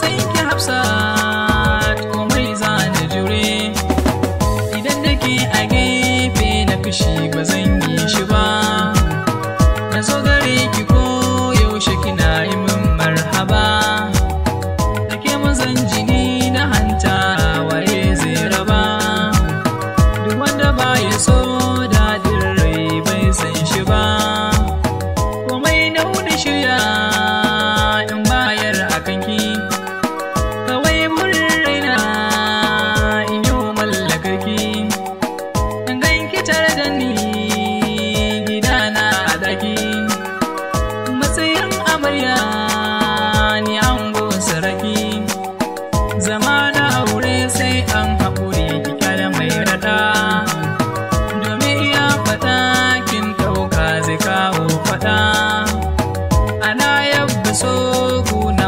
sai ki hafsa komai za jure idan da ke a gefe na fushi ba zan yi shi ba na so gare ki ko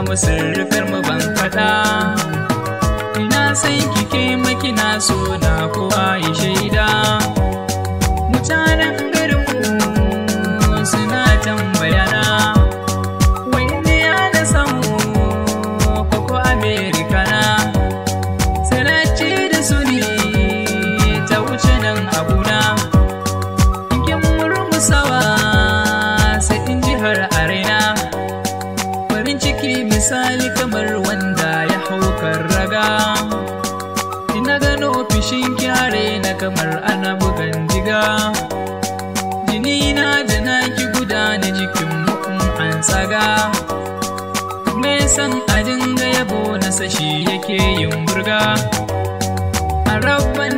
mu sirrifar mu ban faɗa ina san kike makina so na kowa ya shaida misali kamar wanda ya haukar raga ina gano ofishin kyare na kamar ana bugan diga jini na da naki guda na jikin mukun an tsaga me san a dinga yabo na sashi yake yin burga a rabban